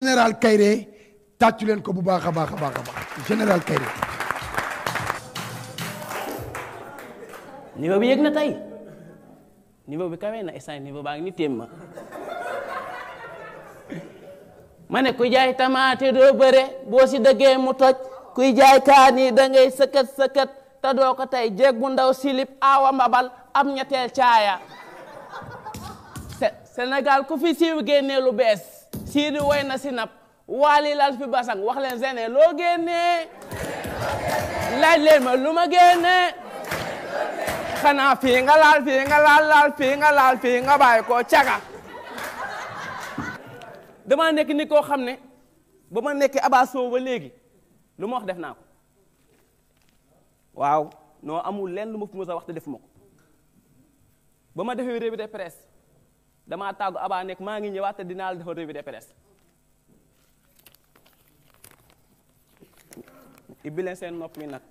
général Kayré tàccu ko bu baax a baax a baax a baax général Kayré. niveau yëg na tey niveau bi kawe ni téem ma. ma ne kuy jaay tamaate doo bëre boo si dëggee mu toj kuy jaay kaani da ngay sëkkat sëkkat doo ko tey jéeg bu ndaw silip aawa mbabal am ñetteel caaya. Sénégal ku fi siiw génnee lu bees. siidi way na si nap waali lal basang wax leen sene loo génnee laaj leen ma lu ma génnee xanaa fii nga laal fii nga laal laal fii laal fii nga ko caga dama nekk ni koo xam ne ba ma nekkee abaso ba léegi lu ma wax def naa waaw non amul lenn lu ma fi mos a wax te defuma ko ba ma defee revue de presse damaa tàggu abaa nekk maa ngi ñëwaat te dinaa la defal revue de presse ibbi leen seen nopp mi nag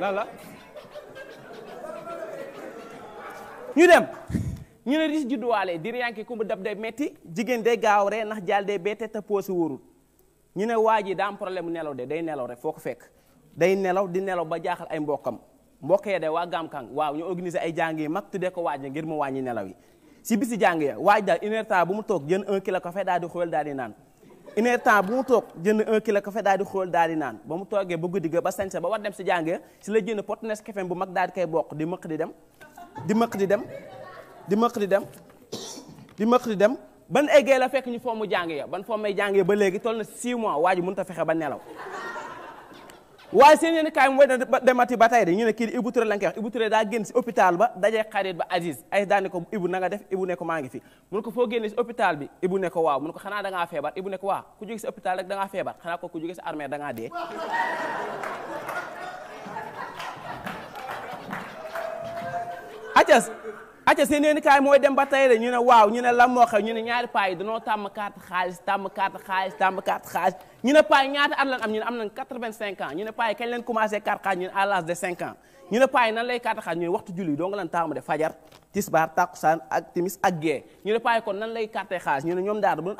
lan la ñu dem ñu ne dis judduwaale di riyanki ku mu dab day metti jigéen day gaaw ree nax jaal day bette te poosi wóorul ñu ne waa ji daa am mu nelaw de day nelaw rek foo ko fekk day nelaw di nelaw ba jaaxal ay mbokkam mbokkee de waa Gamkang waaw ñu organiser ay jàng yi mag tuddee ko waaj ngir mu wàññi nelaw yi si bisi jàng ya waaj daal une heure temps bu mu toog jënd un kilo café daal di xool daal di naan une heure toog jënd kilo café daal di xool daal di naan ba mu toogee ba guddi ga ba sañse ba war dem si jàng ya si la jënd pot Nescafé bu mag daal kay koy bokk di mëq di dem di mëq di dem di mëq di dem di mëq dem ban eggee la fekk ñu foomu jàng ya ban foom may jàng ya ba léegi toll na 6 mois waaj mënut a fexe ba nelaw waaye seen yéen kaay mooy demati ba de ñu ne kii di Ibou Touré lañ koy daa génn si hôpital ba dajee xarit ba Aziz Aziz daa ne ko Ibou na nga def Ibou ne ko maa ngi fi mun ko foo génne si hôpital bi Ibou ne ko waaw mun ko xanaa da ngaa feebar Ibou ne ko waaw ku jóge si hôpital rek feebar xanaa ko ku jóge si armée da dee acca seen yéen kaay mooy dem ba tey de ñu ne waaw ñu ne lan moo xew ñu ne ñaari paa yi danoo tàmm carte xaalis tàmm carte xaalis tàmm carte xaalis ñu ne paa yi ñaata at lan am ñu ne am nañ quatre-vingt-cinq ans ñu ne paa yi kañ leen commencé carte xaalis de cinq ans ñu ne nan lay carte xaalis ñu ne waxtu julli donc lan taamu de fajar tisbaar takkusaan ak timis ak gee ñu ne paa kon nan lay carte xaalis ñu ne ñoom bu ñu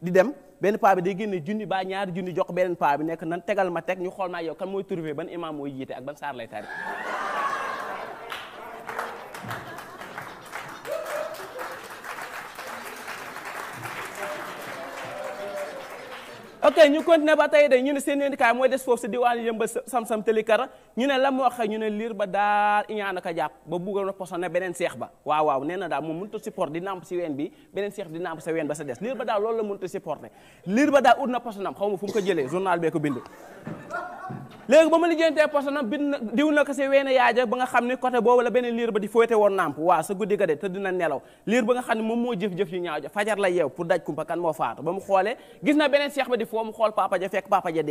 di dem benn paa bi day nekk nan tegal ma teg ñu xool maa yow kan mooy trouvé ban imam ok ñu continuer ba tey de ñu ne seen syndicat mooy des foofu si diwaanu yëmbal sam-sam tëli kara ne la moo xëy ñu ne liir ba daal iñaan aka jàpp ba buggoon a poson beneen seex ba waaw waaw nee na daal moom mënut a support di nàmp si ween bi beneen seex bi di nàmp sa ween ba sa des liir ba daal loolu la mënut a supporté liir ba daal ut na posonam xaw ma fu mu ko jëlee journal bee ko bind léegi bama ma lijjantee poste nag bin na diw na ko si weene yaaja ba nga xam ni côté boobu la benn liir ba di fóote woon nàmp waa sa guddi ga te dina nelaw lir ba nga xam ne moom jëf-jëf yu fajar la yew pour daj kumpa kan moo faatu le mu xoolee gis na beneen seex ba di mu papa ja fekk papa ja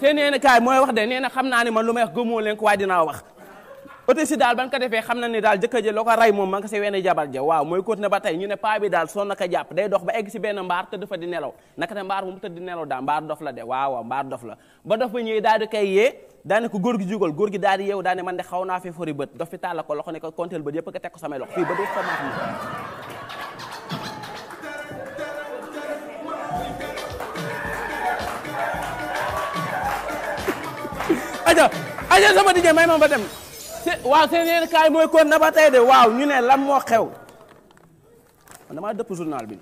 seen yéen kaay mooy wax de nee xam naa ne man lu may gëmoo leen ko waaye dinaa daal ban ko defee xam na ni daal jëkkër ja loo ko rey moom ma nga si wenn jabar ja waaw mooy continuer ba tey ñu ne daal sonn na ko jàpp day dox ba egg si benn mbaar tëdd fa di nelaw naka ne mbaar moom tëdd nelaw daal mbaar dof la de waaw mbaar dof la ba dof ba ñëwee daal di koy yee daa ne ko góor gi jugal góor gi daal di yeewu daa ne man de xaw naa fi fori bët aja aja sama DJ may ma ba dem waaw seen yéen kaay mooy kon na ba tey de waaw ñu ne lan moo xew man damaa dëpp journal bi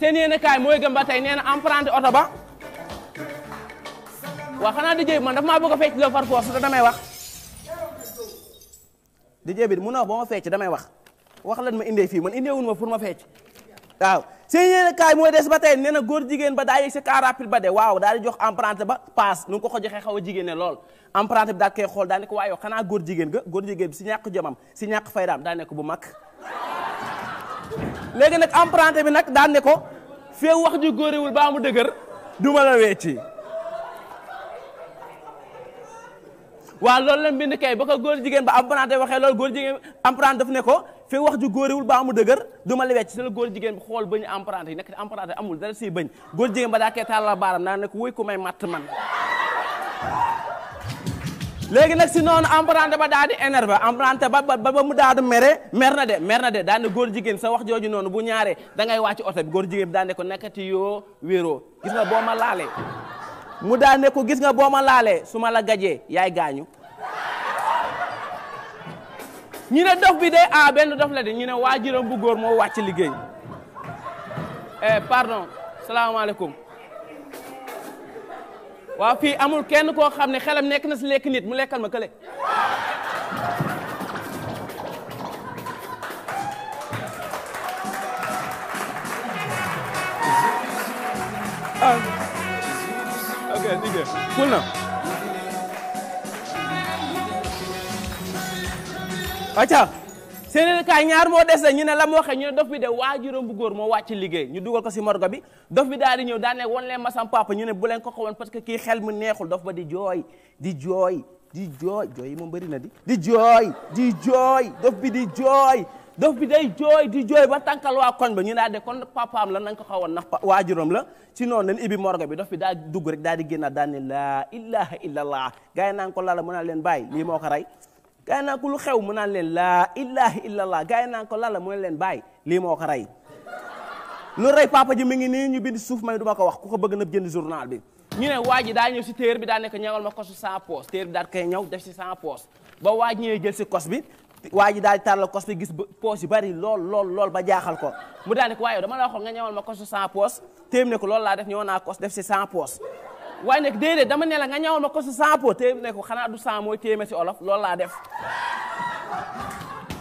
seen yéen kaay mooy gëm ba tey nee na emprunté oto ba waaw xanaa DJ man dafa maa bëgg a damay wax DJ bi mun na wax ba damay wax wax lan ma indee fii man indee wun ma pour ma fecc waaw seen yéen kaay mooy des ba tey nee na góor jigéen ba daa yegg si car ba de waaw daal jox emprunté ba paas nu ko ko joxee xaw a jigéene lool emprunté bi daal koy xool daal ne ko waaye yow xanaa góor jigéen ga góor jigéen bi si ñàkk jomam si ñàkk faydaam daal ne ko bu mag léegi nag emprunté bi nag daal ne ko fee wax ju góorewul baa mu dëgër du ma la weeci waaw loolu la mbind kay ba ko góor jigéen ba emprunté waxee lool góor jigéen emprunté daf ne ko fi wax ju góoriwul baa mu dëgër du ma la wecc si la góor jigéen bi xool bañu emprunté yi nekk emprunté amul dara siy bañ ba daa koy tàllal baaram naa nag wuy ku may matt man léegi nag si noonu emprunté ba daal di énervé emprunté ba ba ba mu daal di mere mer na de mer na de daan ne góor jigéen sa wax jooju noonu bu ñaaree dangay ngay wàcc oto bi góor jigéen bi daan ne ko nekkati yoo wéeroo gis nga boo ma laalee mu daan ne ko gis nga boo ma laalee su ma la gajee yaay gaañu ñu ne dof bi day a benn dof la de ñu ne waajuram bu góor moo wàcc liggéey eh pardon salaamaaleykum waaw fii amul kenn koo xam ne xelam nekk na si lekk nit mu lekkal ma kële ok ok cool na acca seeneen kaay ñaar moo des ñu ne la mu waxee ñu ne dof bi de waajuram bu góor moo wàcc liggéey ñu dugal ko si morgo bi dof bi daal di ñëw daan ne won leen ma sam papa ñu ne bu leen ko xawoon parce que kii xel mu neexul dof di jooy di jooy jooy moom bëri na di di jooy di jooy dof bi di jooy dof bi day jooy di jooy ba tànkal waa koñ ba ñu daal de kon papaam la nañ ko xawoon ndax waajuram la ci noonu leen ibi morgo bi dof bi daal dugg rek daal di génnaat daan ne laa ilaha illallah gars yi naan la lala mën leen bàyyi lii moo ko rey gaa yi naan lu xew mu naan leen laa ilaha illallah gaa yi ko lan la mu ne leen baay lii moo ko rey lu rey papa ji mi ngi nii ñu bind suuf ma du ma ko wax ku ko bëgg na jënd journal bi ñu ne waa ji daa ñëw si téer bi daa nekk ñawal ma kosu sans poos téer bi si sans poos ba waa ji jël si kos bi waa ji daal di tàllal kos bi gis poos bari lool lool lool ba jaaxal ko mu daal ne ko waaye dama la waxoon nga ñawal ma kosu sans poos téer ne ko lool laa def ñëw naa kos def si sans poos waaye nag déedéet dama ne la nga ñawal ma ko si sampo te ne xanaa du sam mooy téeméer si olof loolu laa def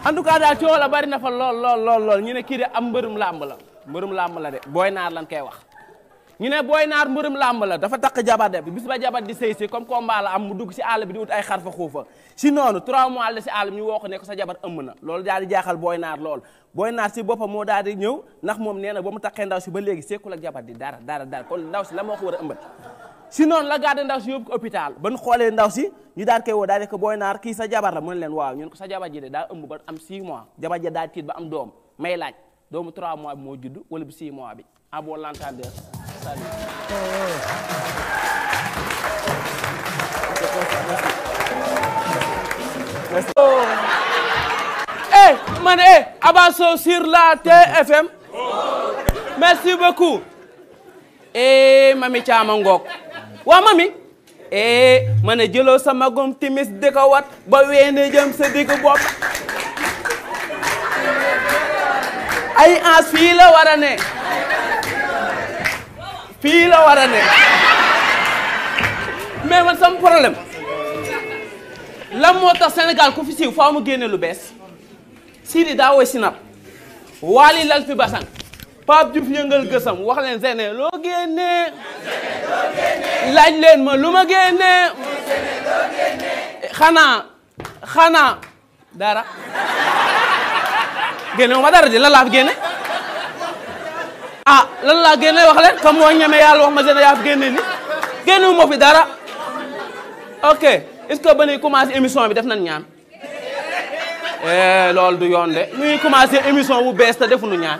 en tout cas daal coow la bari na fa lool lool lool lool ñu ne kii de am mbërum làmb la mbërum làmb la de booy naar lan koy wax ñu ne booy naar mbërum làmb la dafa takk jabar de bis ba jabar di sëy si comme combat la am mu dugg si àll bi di wut ay xar fa xuufa si noonu trois mois la si àll bi ñu woo ko sa jabar ëmb na loolu daal di jaaxal booy naar lool booy naar si boppam moo daal di ñëw ndax moom nee na ba mu takkee ndaw si ba léegi sekkul ak jabar di dara dara dara ndaw si la moo ko war a ëmbat si noonu la gàdde ndaw si yóbbu hôpital ba ñu xoolee ndaw si ñu daan koy woo daa nekk booy naar kii sa jabar la leen waaw ñun ko sa ji de daa ëmb ba am 6 mois jabar ji daa tiit ba am doom may laaj doomu 3 mois bi moo judd wala bu 6 mois bi à bon l'entendeur oh. eh, eh, la TFM merci beaucoup eh mami Thiam a ngoog waa mami eh ma ne jëloo sa magum timis di ko ba weene jëm sa digg bopp ay ans fii la war a ne fii la war a ne mais man sama problème lan moo tax Sénégal ku fi siiw faaw mu génne lu bees Sidi daa woy sinap waali lal fi basan Pape Diouf yëngal gësam wax leen sene loo génnee laaj leen ma lu ma génnee xanaa xanaa dara génne ma dara di lan laa génne ah lan laa génne wax leen comme moo ñeme yàlla wax ma sene yaa fi génne ni génnewu ma fi dara ok est-ce que ba ñuy commencé émission bi def nañ ñaan eh, loolu du yoon de ñuy commencé émission bu bees te defuñu ñaan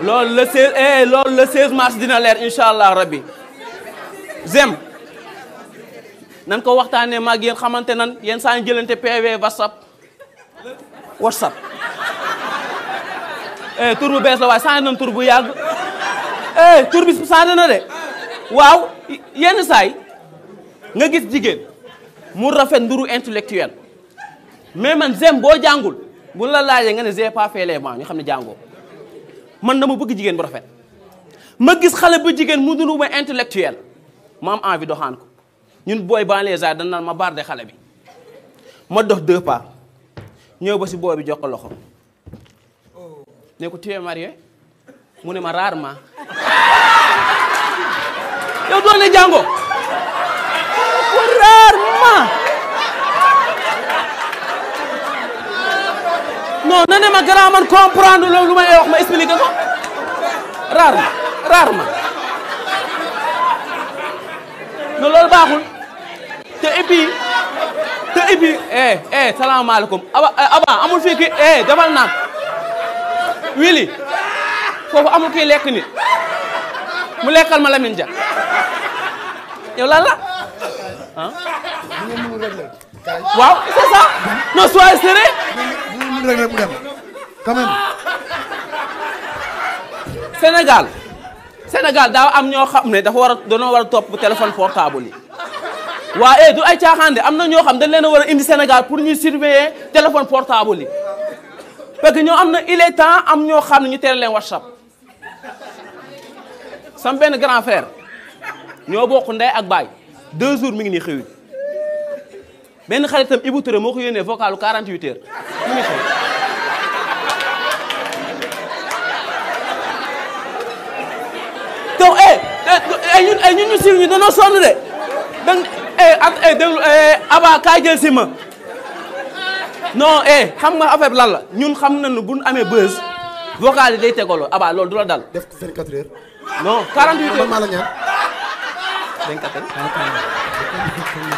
loolu le 16 eh loolu le 16 dina leer incha allah rabbi zem nan ko waxtaanee maag yéen xamante nan yéen saa jëlante PV whatsapp whatsapp eh tur bu bees la waaye saa nan tur bu yàgg eh tur bi saa na de waaw yenn saay nga gis jigéen mu rafet nduru intellectuel mais man zem boo jàngul bu la laajee nga ne j'ai pas fait les xam ne jàngoo. man dama bëgg jigéen bu rafet ma gis xale ba jigéen mu dund ma intellectuel ma am envie ko ñun booy banlieusard dañ naan ma barde xale bi ma dox deux pas ñëw ba si booy bi jox ko loxo ne ko tu es mu ne ma rarement yow doon ne jàngoo rarement non na ne ma grand man comprendre loolu lu may wax ma expliqué ko rarement rarement non loolu baaxul te et te et puis eh eh salaamaaleykum aba eh, aba amul fii kii eh defal naa wili foofu amul kii lekk nit mu lekkal ma Lamine Dia yow lan la waaw c'est ça non sois sérieux minutes rek rek Sénégal Sénégal daaw am ñoo xam ne dafa war a war a topp téléphone portable yi waa eh du ay caaxaande am na ñoo xam dañ leen a war a indi Sénégal pour ñuy surveiller téléphone portable yi parce que ñoo am na il est temps am ñoo xam ne ñu tere leen WhatsApp. sam benn grand frère ñoo bokk ndey ak baay deux jours mi ngi nii ben xaritam Ibou Touré moo ko yónnee 48 heures mu ngi donc ay eh, eh, eh, ñun ay ñun ñu siiw ñu dañoo sonn de dang ak ay déglu Aba ka jël si ma non eh xam nga affaire lan la ñun xam nañu buñ amé amee buzz vocal day tegaloo Aba loolu du la dal. def ko 24 heures. non 48 heures man la ñaan 24 heures.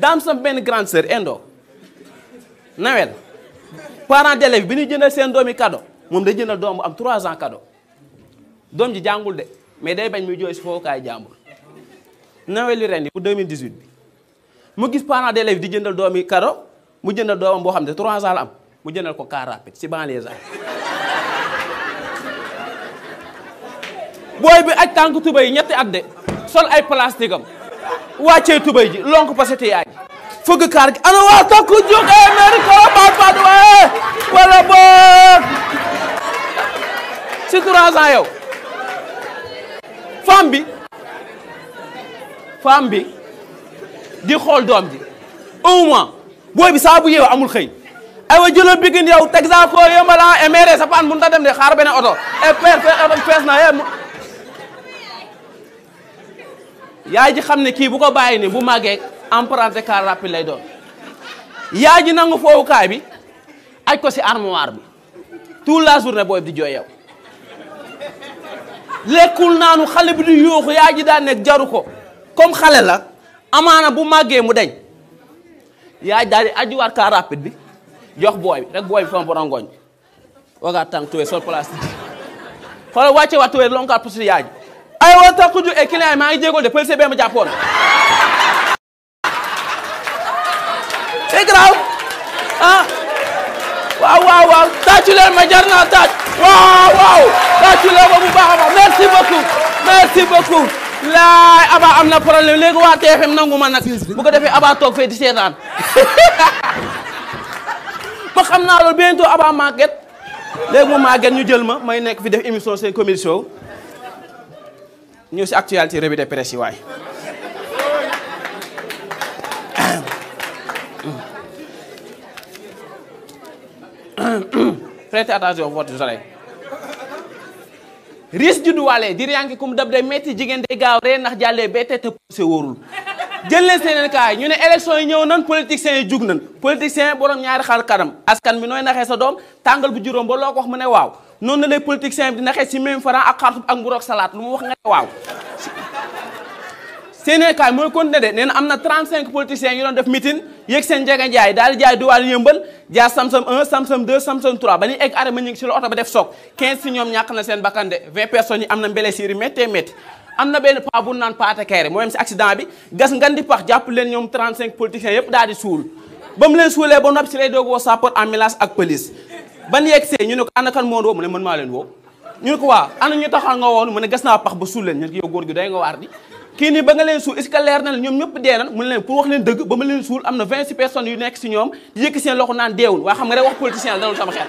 daam sam benn grande sœur indo Nawel parents d'élèves bi ñuy jëndal seen doomi kado moom day jëndal doom bu am 3 ans kado doom ji jàngul de mais day bañ muy jooy si foofukaay jàmbur Nawel li ren yi pour 2018 bi mu gis parents d'élèves di jëndal doomi cadeau mu jëndal doomam boo xam ne 3 ans la am mu jëndal ko car rapide si banlieue booy bi aj tànk tuba ñetti at de sol ay plastique am wàccee tubay ji lonk pasete yaay fëgg kaar gi ana waa takku jóg ee eh, mairie koro baat baat waaye wala boog si trois ans yow femme bi femme bi di xool doom ji un mois booy bi saa bu yeew amul xëy aywa jëloo bigin yow texaco yombala ah, eh, mairie sa paan mun dem de xaar beneen oto e pees pees na ye eh, yaay ji xam ne kii bu ko bàyyi ni bu màggee emprunté car rapide lay doon yaay ji nangu foowukaay bi aj ko si armoire bi tout la journée booy di jooy yow lekkul naanu xale bi di yooxu yaay ji daan nekk jaru ko comme xale la amaana bu màggee mu deñ yaay daal di ajuwaat car rapide bi jox booy bi rek booy bi fam borongoñ wagaat tàng tuwe sol place xoolal wàcce waat tuwe lonkaat pusu yaay ay wa takku ju et eh, client yi maa ngi jéego de policier bee ma jàppoon. c'est eh, grave ah waaw waaw waaw tàccu leen ma jar naa tàcc waaw waaw tàccu leen ma bu baax a baax merci beaucoup merci beaucoup. laay Aba am na problème léegi waa TFM nangu ma nag bu ko defee Aba toog fee di seetaan ba xam naa loolu bientôt Aba Maguette léegi mu Maguette ñu jël ma may nekk fi def émission seen commission. ñëw si actualité revue de presse yi waay. prêtez attention votre di riyanki kum dab day metti jigéen day gaaw ree ndax jàllee bee tete poussé wóorul jël leen seeneen kaay ñu ne élection yi ñëw nan politiciens yi jug nan politiciens borom ñaari xar kanam askan bi nooy naxee sa doom tàngal bu juróom ba loo ko wax mu ne waaw noonu la les bi di naxee si même franc ak xaartub ak mburoog salaat lu mu wax nga ne waaw Sénégal mooy continuer de nee na am na 35 politiciens yu doon def meeting yéeg seen njega njaay daal di jaay duwaal yëmbal jaar samsam 1 samsam 2 samsam 3 ba ñuy egg arrêt ma ñu ngi si la oto ba def soog 15 si ñoom ñàkk na seen bakkan de 20 personnes yi am na mbele siiri méttee métti am na benn paa naan paate kayre moo yem si gas ngan di pax jàpp leen ñoom 35 politiciens yëpp daal di suul ba mu leen suulee si lay ak police ban yegsee ñu ne ko ana kan moo woo mu ne mën maa leen woo ñu ne ko waa ana ñu taxaw nga woon mu ne gas naa pax ba suul leen ñu ne ko yow góor gi day nga waar di kii nii ba nga leen suul est-ce que leer na la ñoom ñëpp dee nan mu ne leen pour wax leen dëgg ba ma leen suul am na vingt six personnes yu nekk si ñoom yëkki seen loxo naan deewul waaye xam nga rek wax politicien la dalul sama xel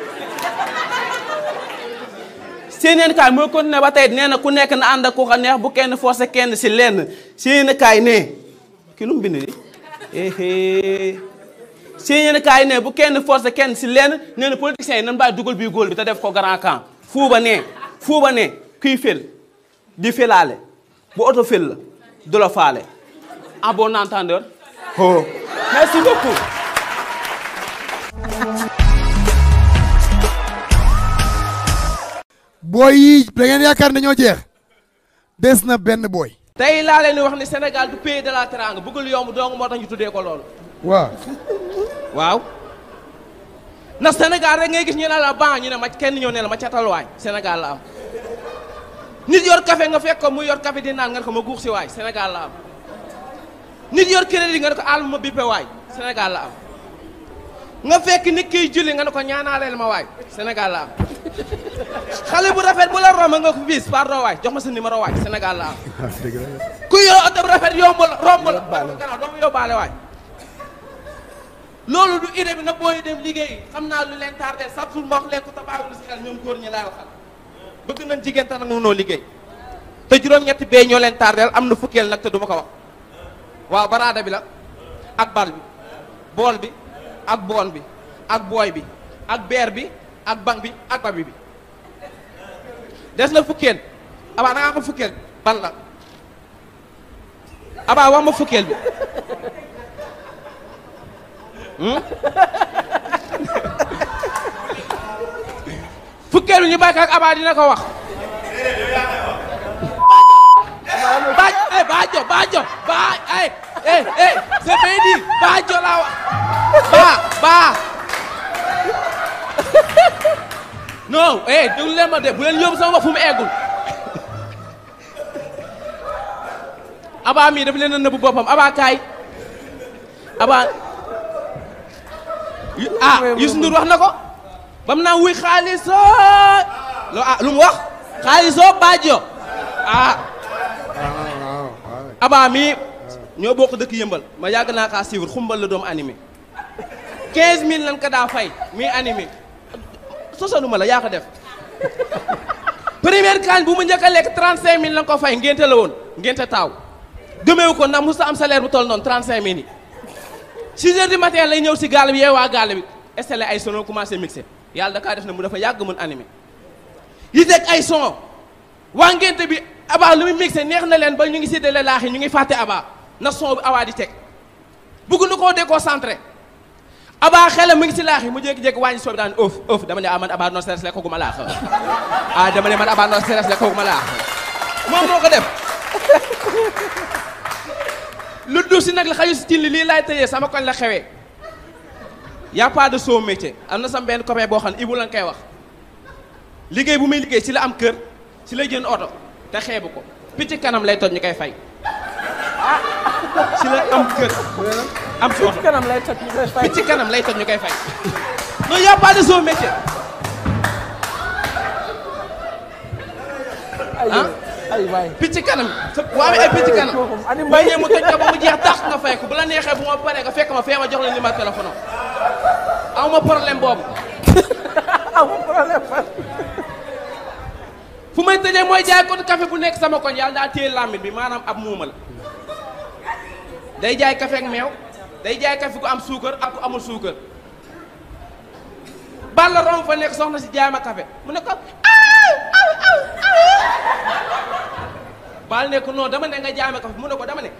séenéenkaay mooy continuer ba tey nee na ku nekk na ànd ak ko neex bu kenn forcé kenn si lenn séenéenkaay ne kii lu mu bind nii eh, eh. seen yéen kaay ne bu kenn forcé kenn si leen nee na politiciens yi nan bàyyi dugal bii góol bi te def ko grand camp fuuba nee fuuba nee kuy fel di felaale bu oto fel la du la faale en ah bon oh. merci beaucoup booy yi da ngeen yaakaar ne ñoo jeex des na benn booy. tey laa leen wax ni Sénégal du pays de la teranga bëggul yomb dong moo tax ñu tuddee ko loolu. waaw. waaw. ndax Sénégal rek ngay gis ñu ne la ban ñu ne ma kenn ñëw ne ma ma catal way Sénégal la am nit yor café nga fekk ko muy yor café di naan nga ko ma guux ci way Sénégal la am nit yor crédit nga ko àll ma bippé way Sénégal la am nga fekk nit kiy julli nga ko ñaanalel ma way Sénégal la am xalé bu rafet bu la rom nga ko bis pardon way jox ma sa numéro way Sénégal la am ku yo oto rafet yomb rom la gannaaw do yo balé way loolu du idée bi na booy dem liggéey xam naa lu leen tardé chaque jour ma wax leen ko tabaabul si xel ñoom góor ñi laay waxal bëgg nañ jigéen te nag mënoo liggéey te juróom-ñetti bee ñoo leen tardeel am na fukkeel nag te du ma ko wax waaw baraada bi la ak bal bi bool bi ak bool bi ak booy bi ak beer bi ak bank bi ak babi bi des na fukkeel abaa na nga xam fukkeel ban la abaa wax ma fukkeel bi fukkeelu ñu baykat ak abaa dina ko wax. baajo eh baajo baa ay eh, eh eh c'est bien dit baajo wax baa baa non eh déglu leen ma de bu leen yóbbu sama wax fu abaa mii daf leen a nëbbu boppam abaa kaay abaa. ah Youssou ya Ndour wax na bam naa wuy xaalisoo lo ah lu wax khaliso badjo ah abaa mi ñoo bokk dekk yembal ma yag na ka suivre xumbal la dom animé 15000 lan ka da fay mi animé sosaluma la ya ko def premier kan bu mu njëkk a 35000 lan ko fay ngenté la woon ngénte taaw demeewu ko na musa am salaire bu toll non 35000 6 heures du matin lay ñëw si gaal bi yeewaa gaal bi installé ay sono commencé mixé yàlla da kaa def na mu dafa yàgg mën animé yi teg ay son waa ngente bi abaa lu muy mixé neex na leen ba ñu ngi séddale laax yi ñu ngi fàtte abaa na son bi abaa di teg bugg nu koo déconcentré abaa xelam mu ngi si laax yi mu jekk jekk wàññi soo bi daan ëf dama ne ah man abaa non stress la kooku ma laax ah dama ne man abaa non stress la kooku laax moom moo dugg si nag la si tilli lii laay tëjee sama koñ la xewee y a pas am na sama benn copain boo xam ne Ibou lañ koy wax liggéey bu muy liggéey si la am kër si lay jënd oto te xeebu ko picc kanam lay toj ñu koy fay ah, si la am kër kanam lay ñu koy fay picc kanam aywaay picc kanam. waaw ay picc kanam. ba ñëw mu toj ko ba mu jeex tax nga fay ko bu la neexee bu ma paree nga fekk ma fee jox la numéro téléphone am aw problème boobu. fu may tëjee mooy jaay ko café bu nekk sama koñ yàlla daa téye làmbit bi maanaam ab muumal day jaay café ak meew day jaay café ku am suukar ak ku amul suukar. Balla romb fa nekk soxna si jaay ma café mu ne aw aw aw aw baal ne ko non dama ne jaame ko fi mu ne ko dama ne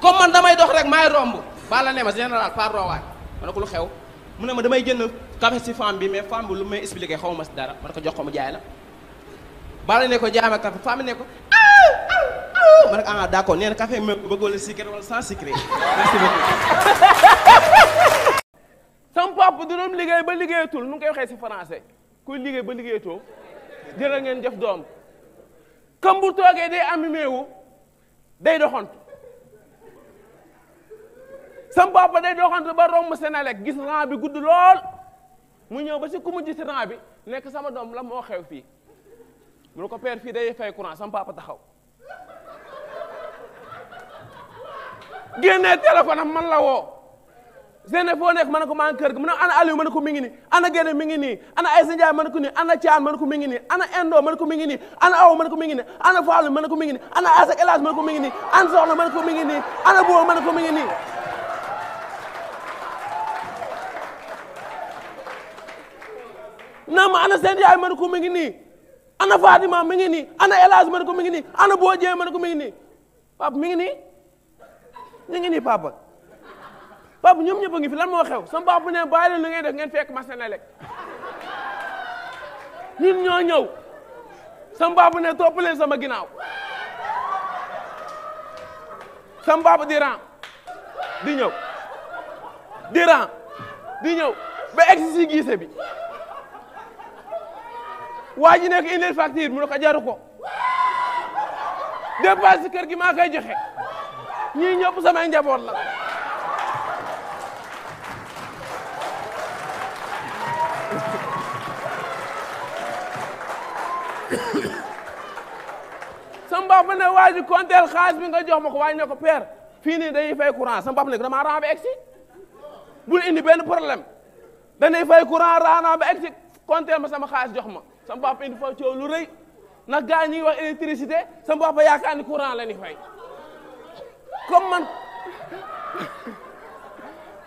comme man damay dox rek maay romb baala ne ma général par rowaay ma ne ko lu xew mu na ma damay jënd café si femme bi mais femme bi lu may expliqué xaw ma si dara ma ne ko jox ko mu jaay la baala ne ko jaame café femme ne ko ma ne ko ah d'accord nee na café ma bëggoon la sucré wala sans sucré du doon liggéey ba liggéeyatul nu ngi koy si français kuy liggéey ba liggéeyatoo jërë ngeen jëf doom comme bu toogee day animé wu day doxantu sam papa day doxantu ba romb Senelec gis rang bi gudd lool mu ñëw ba si ku mu gis rang bi nekk sama doom la moo xew fii mu ne ko père fii day fay courant sam taxaw génnee téléphone am man la woo Zeynep foo nekk ma ne ko maa ngi kër gi mu ne ana Aliou ma ne ko mi ngi nii ana Guèye mi ngi nii ana Aïssa Ndiaye ma ne ko nii ana Thiam ma ne ko mi ngi nii ana Endo ma ne ko mi ngi nii ana Aw ma ne ko mi ngi nii ana Fallou ma ne ko mi ngi nii ana Asa El Hadj ma ne ko mi ngi nii ana Soxna ma ne ko mi ngi nii ana Bouba ma ne ko mi ngi nii. naa ma ana seen yaay ma ne ko mi ngi nii ana Fatima mi ngi nii ana El Hadj ma ne ko mi ngi nii ana Bojee ma ne ko mi ngi nii papa mi ngi nii mi ngi nii papa. papa ñoom ñëpp a ngi fi lan moo xew sama papa ne bàyyi leen li ngay def ngeen fekk ma na lekk ñun ñoo ñëw sama papa ne topp leen sama ginnaaw sama papa di ran di ñëw di ran di ñëw ba egg si gisee bi waa ji nekk indil facture mu ne ko jaru ko dépasse kër gi maa koy joxe ñii ñëpp sama njaboot la mbaa ma ne waa ji konteel xaalis bi nga jox ma ko waaye ne ko père fii nii dañuy fay courant sa mbaa ne ko damaa ran ba egg si indi benn problème dañuy fay courant raanaa ba egg si konteel ma sama xaalis jox ma sa mbaa indi fa coow lu rëy ndax gars ñi wax électricité sa mbaa ba yaakaar ni courant la ni fay comme man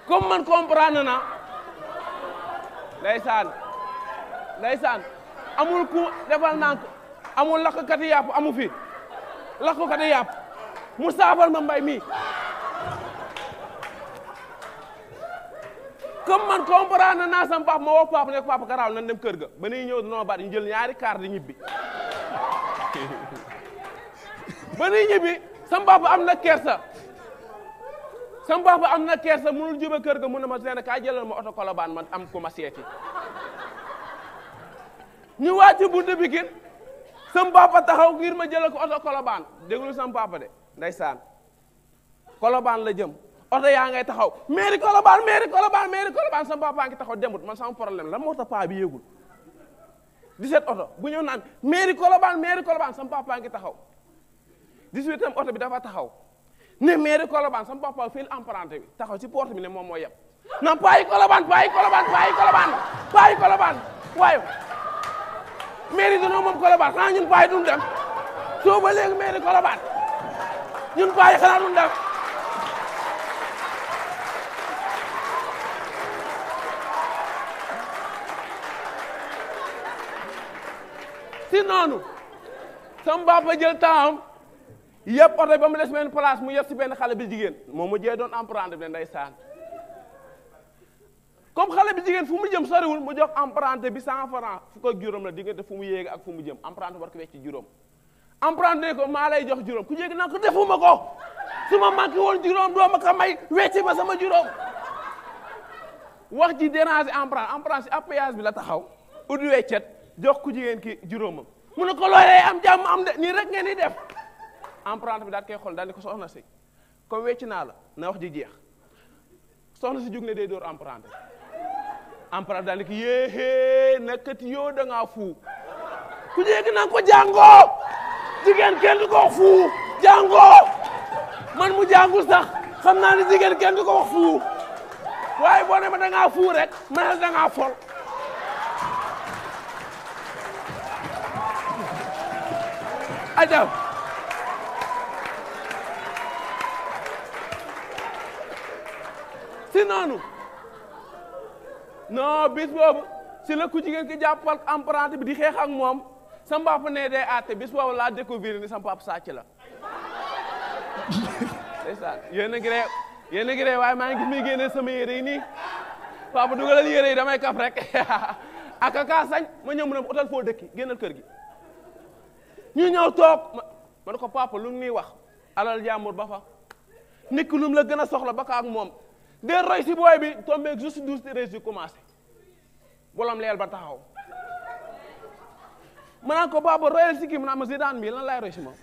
comme man comprendre na ndeysaan ndeysaan amul ku defal naa amul lakk kati yàpp amu fi lakk ko da mu saafal ma mbay mi comme man na naa sama papa ma woo papa ne papa garaaw nan dem kër ga ba nuy ñëw non baat ñu jël ñaari kaar di ñibbi ba nuy ñibbi sama am na kersa sama am na kersa mënul jube kër ga mu ne ma leen kaa jëlal ma oto kolobaan man am ku ma seeti ñu wàcc buntu bi sam papa taxaw ngir ma jël ko auto koloban deglu sam papa de ndaysan koloban la jëm auto ya ngay taxaw mairie koloban mairie koloban mairie koloban sam papa ngi taxaw demut man sama problème la moo tax paa bi yegul 17 auto bu ñëw naan mairie koloban mairie koloban sam papa ngi taxaw 18 am auto bi dafa taxaw ne mairie koloban sam papa fil emprunté bi taxaw ci porte bi ne mom mo yeb nan paayi koloban paayi kolobaan paayi kolobaan paayi koloban wayo mairie mom ko labat xanaa ñun paa yi duñ dem soo ba léegi mairie labat ñun paa yi duñ dem si non, sama papa jël taam yépp auto ba mu les benn place mu yépp si ben xalé bi jigen moom mu jee doon emprendre ben ndeysaan comme xale bi jigéen fu mu jëm soriwul mu jox emprunté bi cent franc fukk ak juróom la diggante fu mu yéeg ak fu mu jëm emprunté war ko wecc juróom emprunté ko maa lay jox juróom ku yéeg naa ko defuma ko su ma manqué woon juróom doo ma ko may wecc ma sama juróom ji déranger emprunté emprunté si bi la taxaw uddi weccet jox ku jigéen ki juróomam mu ne ko loolee am jàmm am de nii rek ngeen di def emprunté bi daal koy xool daal di ko soxna si comme wecc naa la na wax ji jeex soxna si jóg ne day door emprunté empereur daal yehe, ko nekat yo da nga fu ku jeg naan ko jango jigen ken du ko fu jango man mu jàngul sax xamna ni jigen ken du ko fu way bo ne ma da nga fu rek ma da nga fol adam si non bis bobu ci la ku jigen ki jappal emprunté bi di xex ak mom sa papa ne day até bis bobu la découvrir ni sa papa sàcc la c'est ça yene ngi yene yéen a ma ngi mi gene génne sama yére yi papa dugalal yére yi damay kaf rek ak kaa sañ ma ñëw mu ne ma utal foo kër gi ñu ñëw tok ma ko papa lu ngi wax alal jamour ba fa nek lu mu la gëna soxla ba ka ak mom de roy si boy bi tombé juste 12 heures yu commencé bolom leel ba taxaw ma naan ko baaba si sikki mu naan ma seetaan bi lan laay roy si moom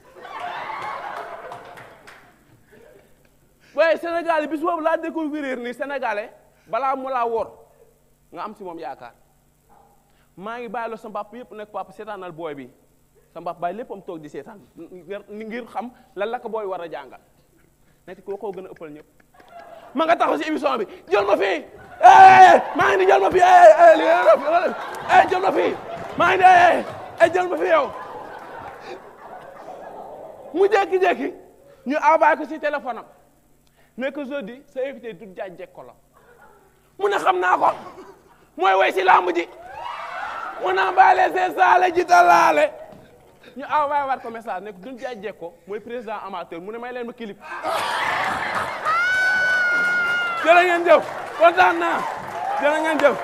waaye Sénégal bis boobu laa découvrir nii sénégalais balaa mu laa woor nga am si moom yaakaar maa ngi bàyyiloo sa papa yëpp nekk papa seetaanal booy bi sa papa bàyyi léppam toog di seetaan ngir xam lan la ko booy war a jàngal nekk koo koo gën a ëppal ñëpp ma nga taxaw si émission bi jël ma fii eh, maa ngi ni jël ma fii eh, eh, jël ma fii maa ma fii yow mu jékki-jékki ñu envoyé ko si téléphone am mais que jeudi sa invité jaaj jekko la mu ne xam naa ko mooy way si làmb ji mu naa mbaale see saale ji ta laale ñu envoyé waat ko message ne du jaaj jekko mooy président amateur mu ne may leen ma clip jërë ngeen jëf kontaan naa jërë ngeen jëf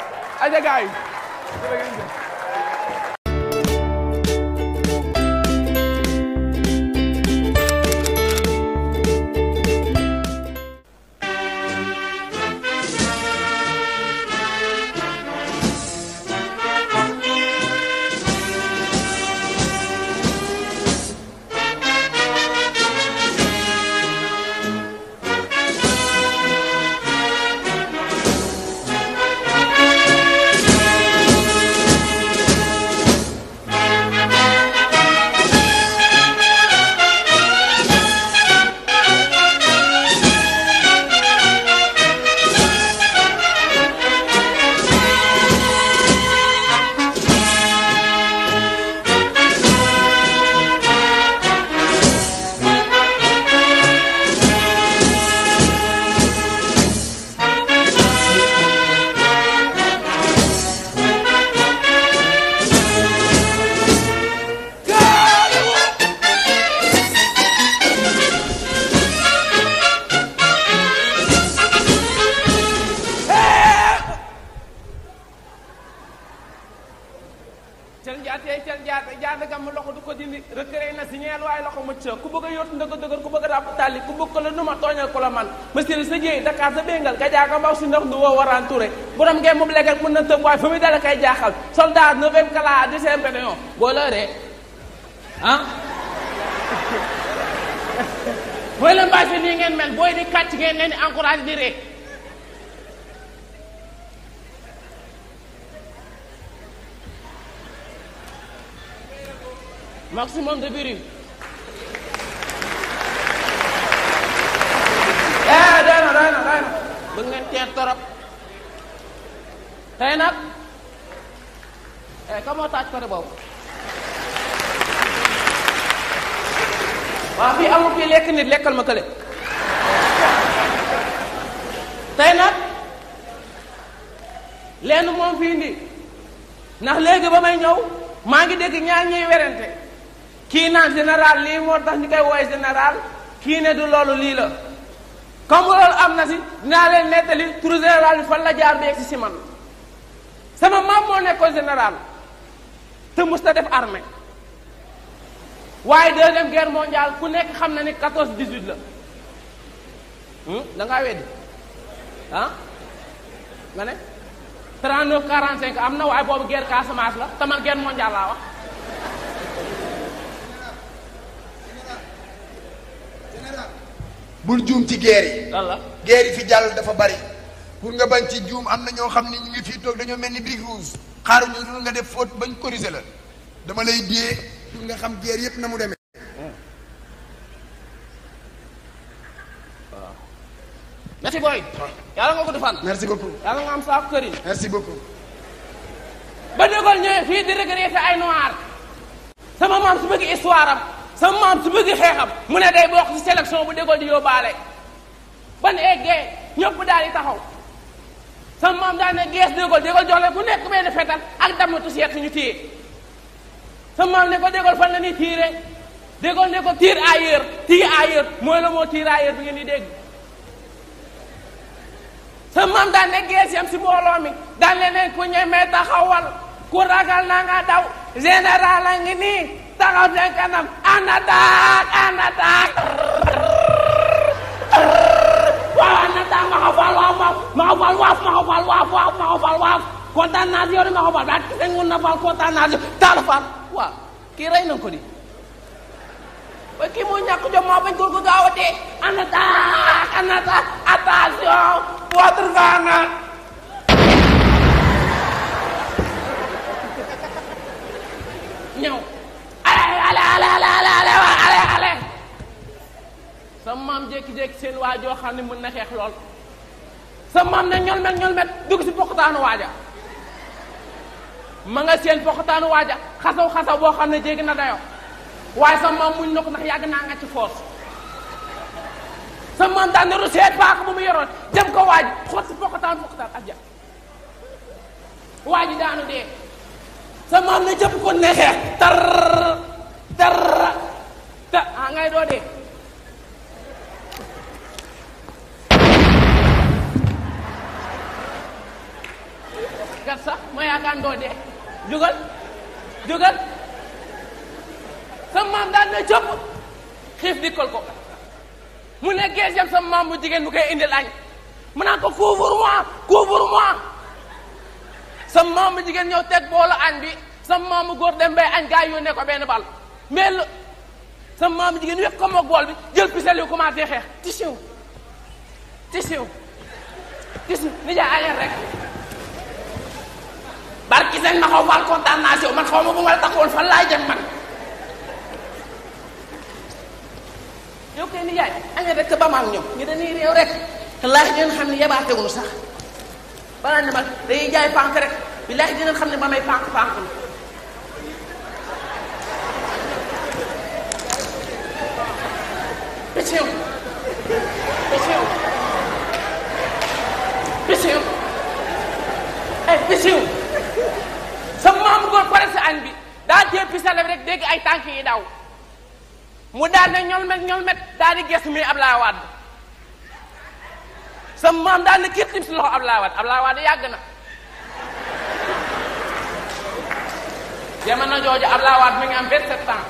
woo waraan Touré borom ngeen moom léeg mën na tëb waaye fu muy dala kay jaaxal soldat neuvième classe dixième bataillon boo lëree ah mooy leen bâche bi nii ngeen mel booy di kàcc ngeen leen di encouragé di ree neex torop tey nag eh ka moo taaj côté boobu waaw fii amul fii lekk nit lekkal ma kële tey nag lenn moom fii indi ndax léegi ba may ñëw maa ngi dégg ñaar ñuy werante kii naan général lii moo tax ñu koy woowee général kii ne du loolu lii la comme loolu am na si dinaa leen nettali tur général bi fan la jaar beeg si si man sama maam moo nekkoon général te def armée waaye deuxième guerre mondiale ku nekk xam na ni 14 18 la hmm? da weddi ah nga ne 39 45 am na waaye boobu guerre Casamance la taman guerre mondiale laa wax. bul joom ci guerre yi guerre yi fi jall dafa bari pour nga ban ci joom amna ño xamni ñu ngi fi tok dañu melni big rouge xaru ñu nga def faute bañ corriger la dama lay dié pour nga xam guerre yépp na mu Merci boy. Yalla nga ko defal. Merci beaucoup. Yalla nga am sa këri. Merci beaucoup. Ba dogal ñëw fi di regretter ay noir. Sama mam su bëgg histoire sa su bëggee xeexam mu ne day bokk ci sélection bu déggoo di yóbbaale ban eggee ñëpp daal di taxaw sa daal ne gees déggoo déggoo jox la ku nekk benn fetal ak dammatu seet ñu téye sa maam ne ko déggoo fan la ñuy tiire déggoo ne ko tiir ailleurs tiir ailleurs mooy la moo tiir ailleurs bi ngeen di dégg sa daal ne gees yam ci mbooloo daal ne ne ku ñemee taxawal ku ragal naa nga daw General yang ini tangan yang kanan anak tak, anak tak, wah anak tak mau hafal mau hafal mau hafal waf mau hafal kota nazi orang mau hafal dak tengun nafal kota nazi tarfal wah kira ini aku Bagi bagaimana aku jom apa guru kudu awet anak tak, anak tak, atas yo buat tergangan ñëw ale ale ale ale ale ale ale ale sa maam jékki-jékki seen waa joo xam ne mën na xeex lool sa maam ne ñol met ñol met dugg si poqtaanu waaja ma nga seen poqtaanu waaja xasaw xasaw boo xam ne jéggi na dayo waaye sa maam muñ na ko ndax yàgg nga ci force sa maam daan ne ruseet paaka bu mu yoroon jëm ko waaji xot si poqtaan poqtaan ak daanu dee sama ne jàpp ko nexe tar tar ta ah ngay do de gat sax ma yaakaar doo de jugal jugal sama da ne ne xef di kol ko mu ne geesam sama maam bu jigéen bu koy indil mu naan ko couvre moi couvre moi sa maamu jigéen ñëw teg boolu añ bi sa maamu góor dem bay añ gaay yónnee ko benn bal mais la sa maamu jigéen wékk ko moog bool bi jël pisel yu commencé xeex tisiw tisiw tisiw ni jaay añal rek barki seen ma xaw wal kontaan naa si man xaw ma bu ma la taxawal fan laay jëm man yow kay ni jaay añal rek ba maam ñoom ñu dañuy réew rek te laaj xam ne yabaatewuñu sax balaa ne ma dañuy jaay pànk rek billahi dina xam ne may pànk pànk la pétéw pétéw pétéw ay pétéw sa maam góor pare sa añ bi daa jël ay tànk yi mi sa dan daan na kii ablawat si loxo Abdoulaye Wade Abdoulaye Wade yàgg na jamono jooju Abdoulaye Wade mi ngi am 27 ans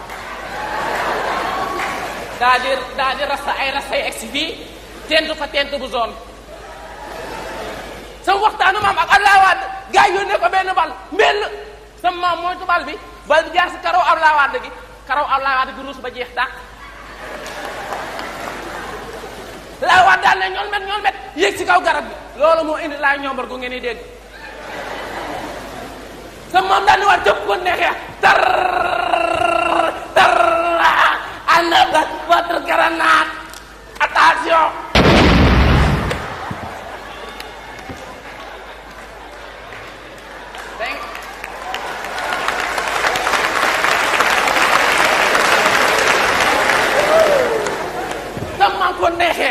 daa di daa di rasta ay rasta yu fii tent fa tent bu zone sama waxtaanu maam ak Abdoulaye gars yi ko benn bal mbell sama maam moytu bal bi bal bi jaar si karaw Abdoulaye gi karaw Abdoulaye gi ruus ba jeex la waat daal ne ñol met ñol met yéeg ci kaw garab bi loolu moo indi la ñombar gu ngeen di deg sa mom dal ni war jop ko tar tar ana ba attention ko nexe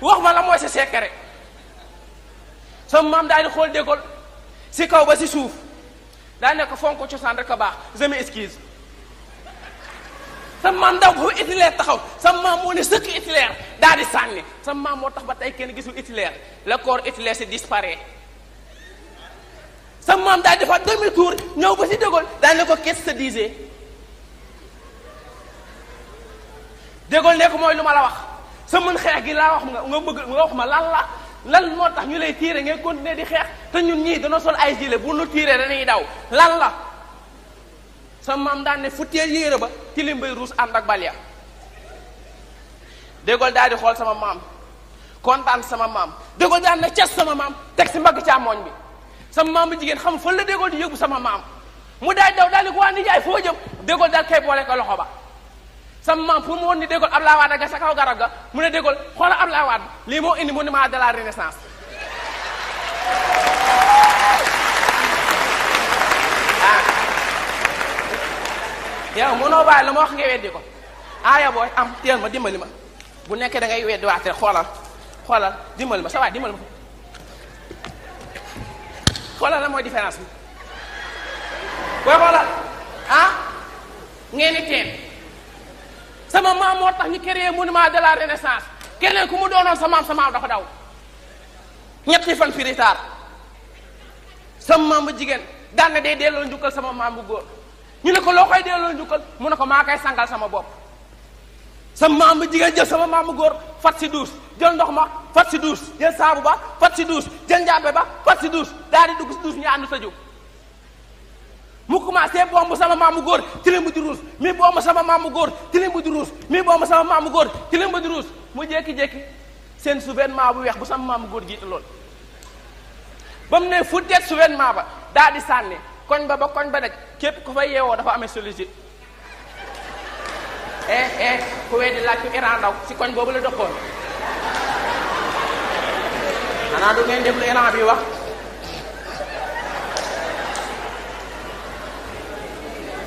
wax ma la mooy sa secret sama maam daal di xool décol si kaw ba si suuf daa ko fonk cosaan rek a baax je m'excuse sa maam ndaw ko itilaire taxaw sa maam moo ne sëkk itilaire daa di sànni sa maam moo tax ba tey kenn gisu itilaire le corps itilaire si disparaît sa maam daal defaat demi tour ñëw ba si dégool daa ne ko qu'est-ce que disait dégool ne ko mooy lu ma la wax sa mën xeex gi laa wax nga nga bëgg nga wax ma lan la lan moo tax ñu lay tiire ngay continuer di xeex te ñun ñii dañoo sol ay gilet bu nu tiiree dañuy daw lan la sa maam daan ne futtee yéere ba tilim bay ruus ànd ak balya déggol daal di xool sama maam kontaan sama maam déggol daan ne ces sama maam teg si mbagg càmmooñ bi sama maam bu jigéen xam fan la déggol di yóbbu sama maam mu daay daw daal di ko waa nijaay foo jëm déggol daal kay boole ko loxo ba sama pour mo won ni dégol Abdoulaye Wade ga sa kaw garab ga mu ne degol xoola abla wad li mo indi ma de la renaissance mo no bàyyi la mo wax nge weddi ko aya ah, boy am teel ma dimbali ya, ma bu nekkee da ngay weddi waate xolal xolal dimbali ma sa way dimbali ma xolal la moy différence bi xolal ha ah ngeen ni sama maam moo tax ñu créer monument de la renaissance keneen ku mu doonoon sa maam sa maam dafa daw ñetti fan fi retard sama maam bu jigéen daan na day delloo njukkal sama maam bu góor ñu ne ko loo koy delloo njukkal mu ne ko maa koy sangal sama bopp sama maam bu jigéen jël sama maam bu góor fat si duus jël ndox ma fat si duus jël saabu ba fat si duus jël njàmbe ba fat si duus daal di dugg si ñu ànd sa mu commencé bomb sama maamu góor tilim bu di ruus mi bomb sama maamu góor tilim bu di ruus mi bomb sama maamu góor tilim bu di ruus mu jékki-jékki seen souverainement bu weex bu sama maamu góor jiite lool ba mu ne fu deet souverainement ba daa di sànni koñ ba ba koñ ba daj képp ko fa yeewoo dafa amee solution eh eh ku wee di laaj ku Iran daw si koñ boobu la doxoon xanaa du ngeen déglu Iran bi wax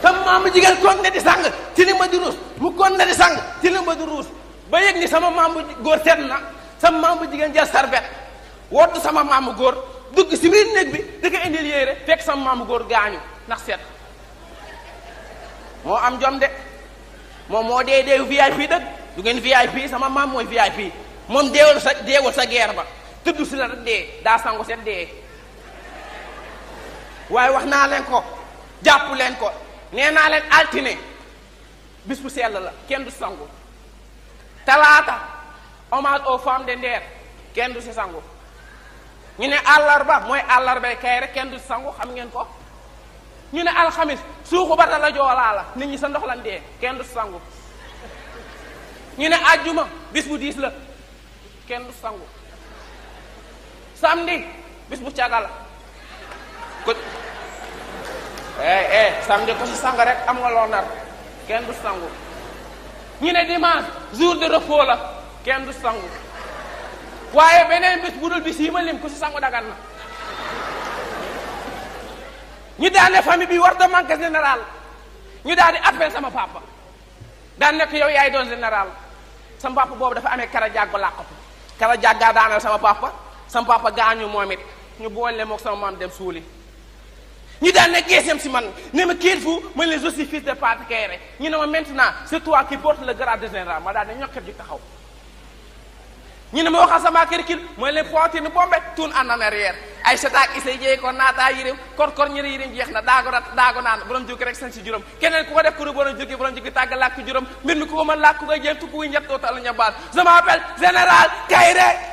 tam maamu jigéen kon ne di sang tilima di ruus mu kon ne di sang tilima di ruus ba yëg ni sama maamu góor seet na sama maamu jigéen jël sarbet woddu sama maamu góor dugg si biir néeg bi di ko indil yére fekk sama maamu góor gaañu ndax seet moo am jom de moom moo dee deewu VIP dëgg du ngeen VIP sama maam mooy VIP moom deewul sa deewul sa geer ba tudd si la rek dee daa sangu seet dee waaye wax naa leen ko jàpp leen ko nee naa leen altine bis bu sell la kenn du sangu talaata hommage aux de Nder kenn du si sangu ñu ne àllarba mooy àllarbay kay rek kenn du sangu xam ngeen ko ñu ne alxamis suuxu ba dala joolaa la nit ñi sa ndox lan dee kenn du si sangu ñu ne àjjuma bis bu diis la kenn du sangu samedi bis bu caga la eh eh samedi ko ci sang rek am nga lo nar kenn du sangu ñu ne dimanche jour de repos la kenn du sangu waye benen bis bu dul bis yi lim ko ci sangu dagan na ñu daane fami bi war do manke general ñu appel sama papa dan nekk yow yaay don general sama papa bobu dafa amé kara jàggu làqatu kara jagga daanal sama papa sama papa gañu momit ñu boole mok sama mam dem suuli ñi daan ne geesam si man ne ma kéer fu man les aussi fils de Pate Kayre ñu ne ma maintenant c'est toi qui porte le grade de ma daan ne ñokkat ji taxaw ñu ne ma waxal sama kër kil mooy leen poitine bombe tuun ànd en arrière ay sataak isay jeey ko naataa yirim kor kor ñëri yirim jeex na daago rat daago naan borom jóg rek sañ si juróom keneen ku ko def kuru borom jógi borom jógi tàgg làkk juróom mbir mi ku ko mën làkk ko jël tukkuy njattoo tal njabaal je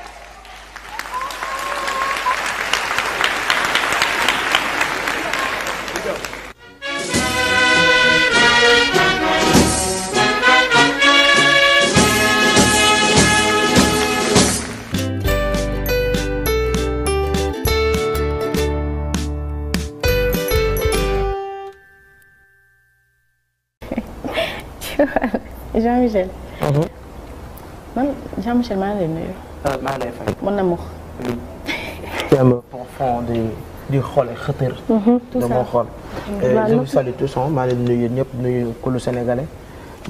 Jean-Michel. Mhm. man Jean-Michel maa ngi lay nuyu. Ah, maa ngi lay fay. mën na mu. di di xoole xëtër. Mhm, tout ça dama xool. Eh, je vous salue tous maa leen nuyu ñëpp nuyu kullu sénégalais.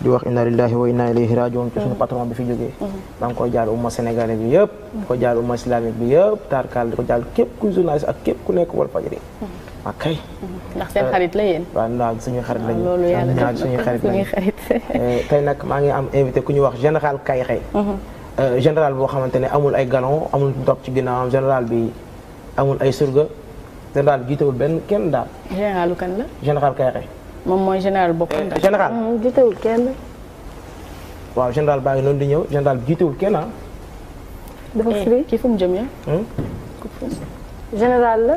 di wax inna lillahi wa inna ilayhi rajiun ci suñu mhm. patron bi fi jógee. maa koy jaal umma sénégalais bi yëpp. ko jaal umma islamique bi yëpp. tarkaal di ko jaal képp ku journaliste ak képp ku nekk Walfadjri ok. ndax seen xarit la yéen. waaw waaw suñu xarit lañu. loolu yàlla def na suñu xarit lañu eh, tey nag maa ngi am invité ku ñuy wax général Kayre. Mhm. Eh, général boo xamante ne amul ay galon amul topp ci ginnaawam général bi amul ay surga général jiitewul benn kenn daal. général kan la. général Kayre. moom mooy général boppam. Eh, général ah, jiitewul kenn. waaw général baa ngi noonu di ñëw général jiitewul kenn ah. dafa firi kii fu mu jëm ya. Hmm? général la.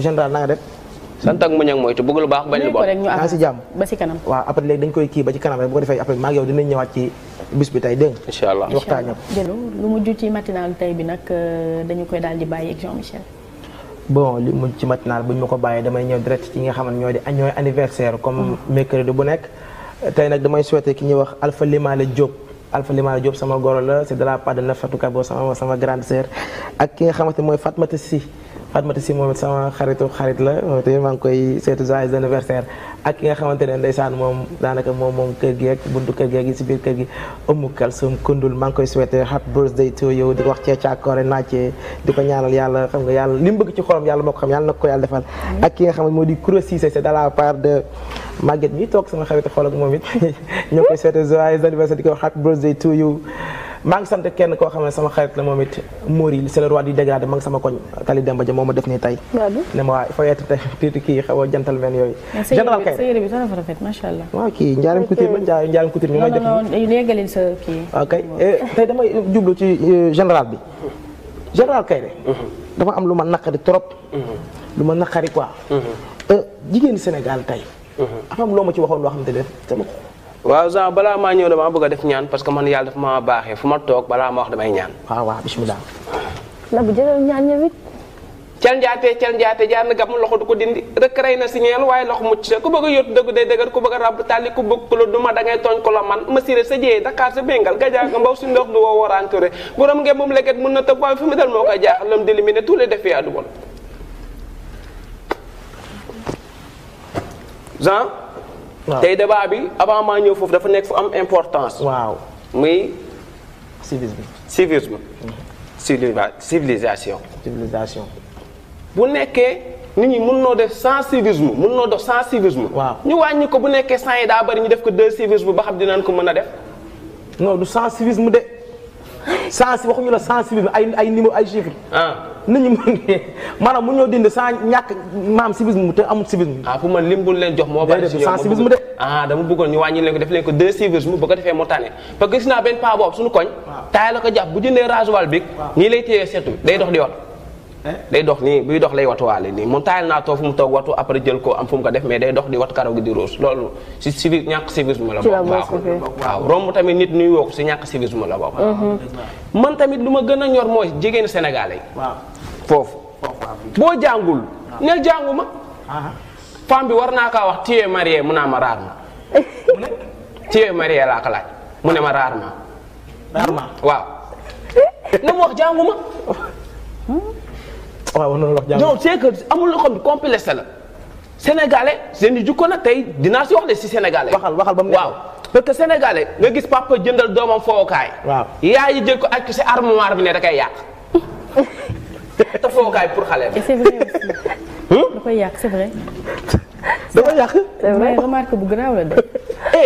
général na nga def. sant ak muñ ak moytu bëgg lu baax bañ lu bon naa si jàmm ba si kanam waaw après léegi dañ koy kii ba ci kanam rek bu ko defee après maa ngi yow dinañ ñëwaat ci bis bi tey dégg nga incha allah waxtaan lu mujj ci matinal euh, koy daal di bàyyi ak Jean Michel bon li mujj ci matinal bu ñu ma ko bàyyee damay ñëw direct ci nga xam ne ñoo di ñooy anniversaire comme mm-hmm. mercredi bu nekk tey nag damay souhaité ki ñuy wax Alpha Limale Diop Alpha Limale Diop sama goro la c'est de la part de Nafatou Kabo sama sama grande sœur ak ki nga xamante mooy Fatmata Sy Fatmata Si moom it sama xaritu xarit la te maa ngi koy seetu joyeux anniversaire ak ki nga xamante ne ndeysaan moom daanaka moom moom kër gi ak buntu kër gi ak yi si biir kër gi Umu Kalsum Kundul maa ngi koy souhaité happy birthday to di ko wax ci xolam yàlla na ko yàlla defal ak ki nga xam la part de Maguette mi toog sama xaritu xol ak moom it ñoo koy souhaité joyeux anniversaire di ko wax happy birthday to you maa ngi sant kenn koo xam ne sama xarit la moom it Mori c'est le roi du ngi sama koñ Tali Demba Dia moo ma def nii tey ne ma waa il faut être tey tuuti kii xaw a gentleman yooyu général ah, kay sa yére bi sa dafa rafet macha allah waaw kii njaarim couture la ah, eh, damay jublu ci euh, général bi général kay de mhm. dama am lu ma naqari trop mhm. lu ma naqari quoi mhm. euh, jigéen Sénégal tey am loo ma ci waxoon loo xam te ne sama waaw Jean balaa maa ñëw damaa bëgg a def ñaan parce que man yàlla dafa maa baaxee fu ma toog balaa ma wax damay ñaan. waaw waaw bisimilah. na bu loxo du ko dindi rek na si ñeel waaye loxo mucc sa ku bëgg a yóotu dëgg day dëgër ku bëgg a ràbb tàlli ku mën na tëb waaye fi mu dal moo koy jaaxal lam délimité tous les défis à du bon Jean tey débat bi avant maa ñëw foofu dafa nekk fu am importance. waaw muy. civisme civisme. Mhm. civilisation. civilisation. bu nekkee nit ñi mun noo def sans civisme mun noo dox sans civisme. waaw ñu wàññi ko bu nekkee sans yi daa bari ñu def ko deux bu ba xam dinañ ko mën a def. non du sans civisme de. sens waxuñu la sensibiliser ay ay numéro ay chiffres. Ah. nañu mën maanaam mu ñoo dindi sans ñàkk maam civisme te amul civisme. ah pour man lim bu leen jox moo bari si ñoom civisme de. ah dama bëggoon ñu wàññi leen ko def leen ko deux civisme ba ko defee moo tane parce que gis naa benn paa boobu suñu koñ. taay la ko bu jëndee rasoir bi. nii lay téye seetu day dox di yoon. day dox nii buy dox lay watuwaale nii moom taayal naa toog fu mu toog watu après jël ko am fu ko def mais day dox di wat karaw gi di roos loolu si civisme ñàkk civisme la bokk waaw romb tamit nit nuy woo ko si ñàkk civisme la bokk mm-hmm. man tamit lu ma gën a ñor mooy jigéen sénégalais waaw foofu boo jàngul neel jàngu ma femme bi war naa kaa wax téye marié mu naa ma raar ma téye mu ne ma raar mu wax jàngu ma hmm? waaw noonu wax non c'est que amul loo xam ne complexe la sénégalais seen i jukko nag tey dinaa si wax de si sénégalais. waxal waxal ba mu waaw parce que sénégalais nga gis papa jëndal doomam fookaay. waaw yaay yi jël ko aj ko si armoire bi ne da koy yàq. te fookaay pour xale bi. c'est vrai aussi. da koy yàq c'est vrai. da koy yàq. c'est vrai remarque bu garaaw la de.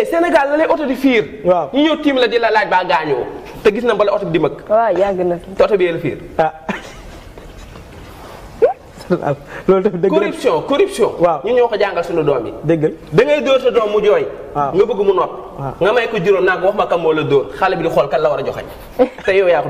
eh Sénégal la lay oto di fiir. waaw ñu ñëw tiim la di la laaj baa gaañoo. te gis na bala oto bi di mëkk. waaw yàgg na. te oto bi yee la fiir. Ah. loolu daf dëgg corruption corruption waaw ñu ñoo ko jàngal suñu doom yi dëggal da ngay dóor sa doom mu jooy nga bëgg mu nopp nga may ko juróom naa ko wax ma kam moo la dóor xale bi di xool kan la war a joxe te yow yaa ko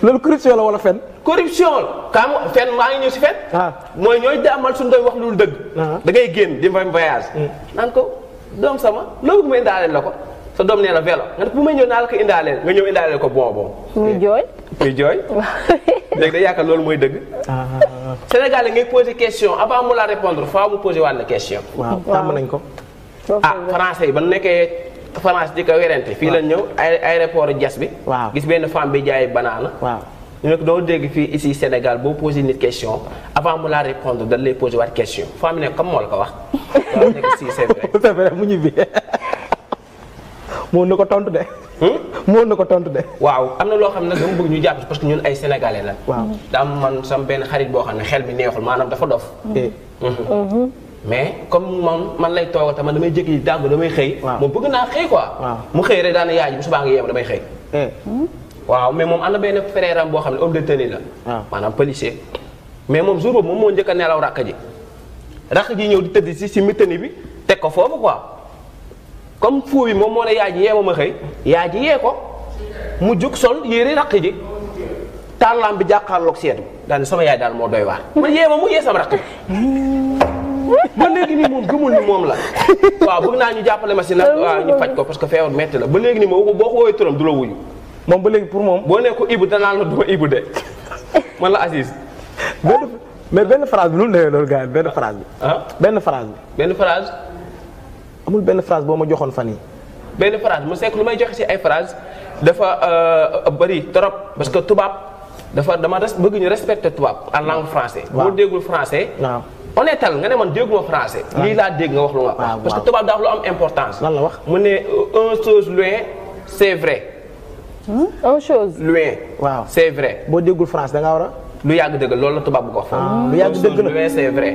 la wala fen corruption la kam fen maa ngi ñëw si fen ah. mooy ñooy jàmmal suñu doom wax lu dul dëgg ah. da ngay génn di fa voyage mm. naan ko doom sama loo bëgg may daale la ko sa doom nee vélo nga ne bu may ñëw naa ko indalé nga ñëw indalé ko bonbon. muy jooy muy jooy. léegi da yaakaar lool moy dëgg. Ah. Sénégal ngay poser question avant mu la répondre faaw mu poser waat la question. waaw tàmm nañ ko. ah français yi ba nekkee France di ko werante fi la ñëw aéroport Diass bi. gis benn femme bi jaay banana ñu nek do dégg fi ici Sénégal bo poser nit question avant mu la répondre dañ lay poser waat question femme ne comme mo la ko wax. waaw nekk si c'est vrai mu ñibbi. moo na ko tontu de. Hmm? moo na ko tontu de. waaw am na loo xam ne nag dama bëgg ñu jàpp parce que ñun ay sénégalais la. waaw daa man sam benn xarit boo xam ne xel mi neexul maanaam dafa dof. Hmm. Eh. Hmm. mais comme moom man lay toogal tamit damay jékki dàggu damay xëy. waaw moom bëgg naa xëy quoi. mu xëy rek daana yaay bu subaa nga xëy. Eh. waaw mais moom am na benn frère am boo xam ne homme de tenue la. maanaam policier. mais moom jour boobu moom moo njëkk a nelaw rakk ji rakk ji ñëw di tëdd si si mitani bi teg ko foofu quoi. comme fuu bi moom moo ne yaa ji yee moom a xëy yaa ji yee ko mu jug sol yére raq ji tàllaam bi jàkkaarloog seetu daal sama yaay daal moo doy waar man yee ma mu yee sama raq ba léegi nii moom gëmul ni moom la waaw bëgg naa ñu jàppale ma si nag waaw ñu faj ko parce que feebar metti la ba léegi nii moom boo ko woowee turam du la wuyu moom ba léegi pour moom boo ne ko ibu danaan la duma ibu de man la Aziz mais benn phrase bi lu mu demee loolu gars ah? benn phrase bi benn phrase bi amul benn phrase boo ma joxoon fan Ben benn phrase mo sék lu may joxe si ay phrase dafa euh, bari, trop parce que tubaab dafa dama bëgg ñu respecter tubaab en langue français. bo déggul français. tal nga né man dégguma français. li la dégg nga wax lu ma. parce que tubaab dafa lu am importance. lan la wax mu né euh, une chose loin c'est vrai. Hmm? une chose loin. waaw c'est vrai. bo déggul français da nga wara a. lu yag deug loolu la ko wax. Ah, lu yag deug c'est vrai.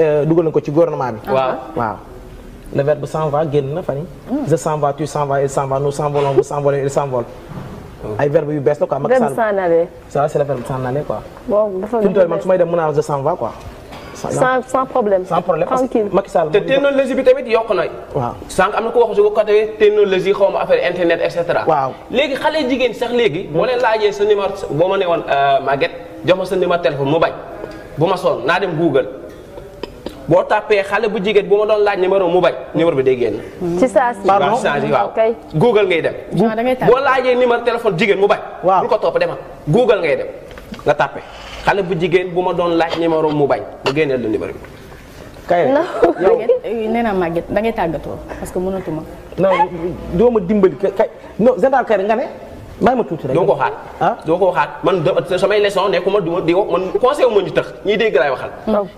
Euh, dugal nañ ko ci gouvernement bi. waaw waaw. le verbe s'en va génn na fan yii. Hmm. je s'en va tu s'en vas il s'en va nous s'en volons vous s'en volez il s'envole. Hmm. ay verbes yu bees la quoi. Macky Sall verbe s'en aller. ça c'est le verbe s'en aller quoi. bon dafa gën man su may dem mën naa je s'en va quoi. sans sans problème. sans problème tranquille Macky Sall te technologie bi tamit yokk na. waaw sànq am na ko wax su ko côté technologie xaw ma affaire internet et cetera. waaw léegi xale jigéen sax léegi. Hmm. boo leen laajee sa numéro boo ma ne woon euh, Maguette jox ma sa numéro téléphone mu bañ bu ma sonn naa dem Google. boo tapé xalé bu jigen bu ma doon laaj numéro mu bañ numéro bi day génn ci saasi google ngay dem boo laajee numéro téléphone jigen mu kau bu ko topp demal google ngay dem nga tapé xalé bu jigen bu ma doon laaj numéro mu baru. mu génneel la numéro bi kay yow eh, neena maget da ngay tagato parce que mënatuma non eh, do ma dimbali kay non kay nga may ma tuuti rek doo ko waxaat. Ah? doo ko waxaat man de samay leçon ne du ma di wax man conseil wu ma ñu tëx ñuy dégg laay waxal.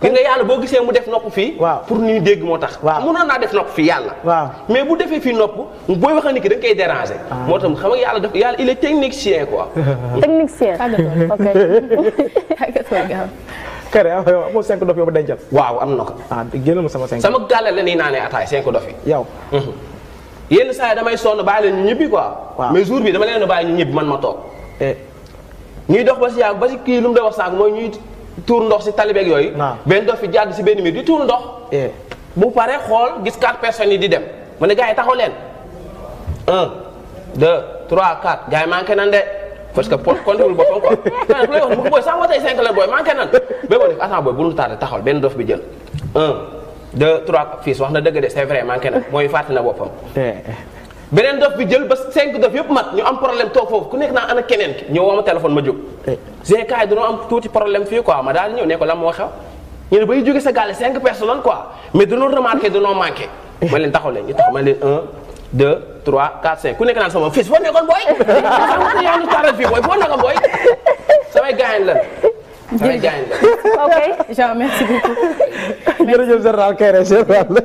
gis nga yàlla boo gisee mu def nopp fii. waaw pour ñuy dégg moo tax. waaw mënoon naa def nopp fii yàlla. waaw mais bu defee fii nopp booy wax ni ki da nga koy déranger. Ah. moo tax xam yàlla def yàlla il est technicien quoi. technicien. ok. kare ah, yow amoo waaw am na ko. ah génn ma sama cinq. sama gàllal la nii naa ne ataay cinq dof yi. yenn saa yi damay sonn bàyyi leen ñu ñibbi quoi. waaw mais jour bi dama leen bàyyi ñu ñibbi man ma toog. Eh. ñuy dox ba si yàgg ba si kii lu mu doon wax sànq mooy ñuy tuur ndox si talibeeg yooyu. waaw benn dox fi jàdd si benn miir di tuur ndox. Eh. bu paree xool gis quatre personnes yi di dem ma ne yi taxaw leen un deux trois quatre gars de parce que pot compté ko booy sànq cinq lan booy manqué bu dul tardé taxawal benn dof bi jël un. deux trois fils wax na dëgg de c'est vrai na mooy fàtte na boppam. Eh, beneen dof bi jël ba cinq dof yëpp mat ñu am problème toog foofu ku nekk naa ana keneen ki ñëw woo ma téléphone ma jóg. GK eh. am tuuti problème fii quoi ma daal ñëw ne ko la moo xew ñu ne bay jóge sa gàlle cinq personnes quoi mais dañoo remarqué dañoo manqué. Eh. ma leen taxaw leen ñu tax ma leen un deux trois quatre cinq ku nekk naan sama fils foo nekkoon booy. xam nga yaa ñu taaral jërëjëf ok Jean merci beaucoup. jërëjëf général Kéré général.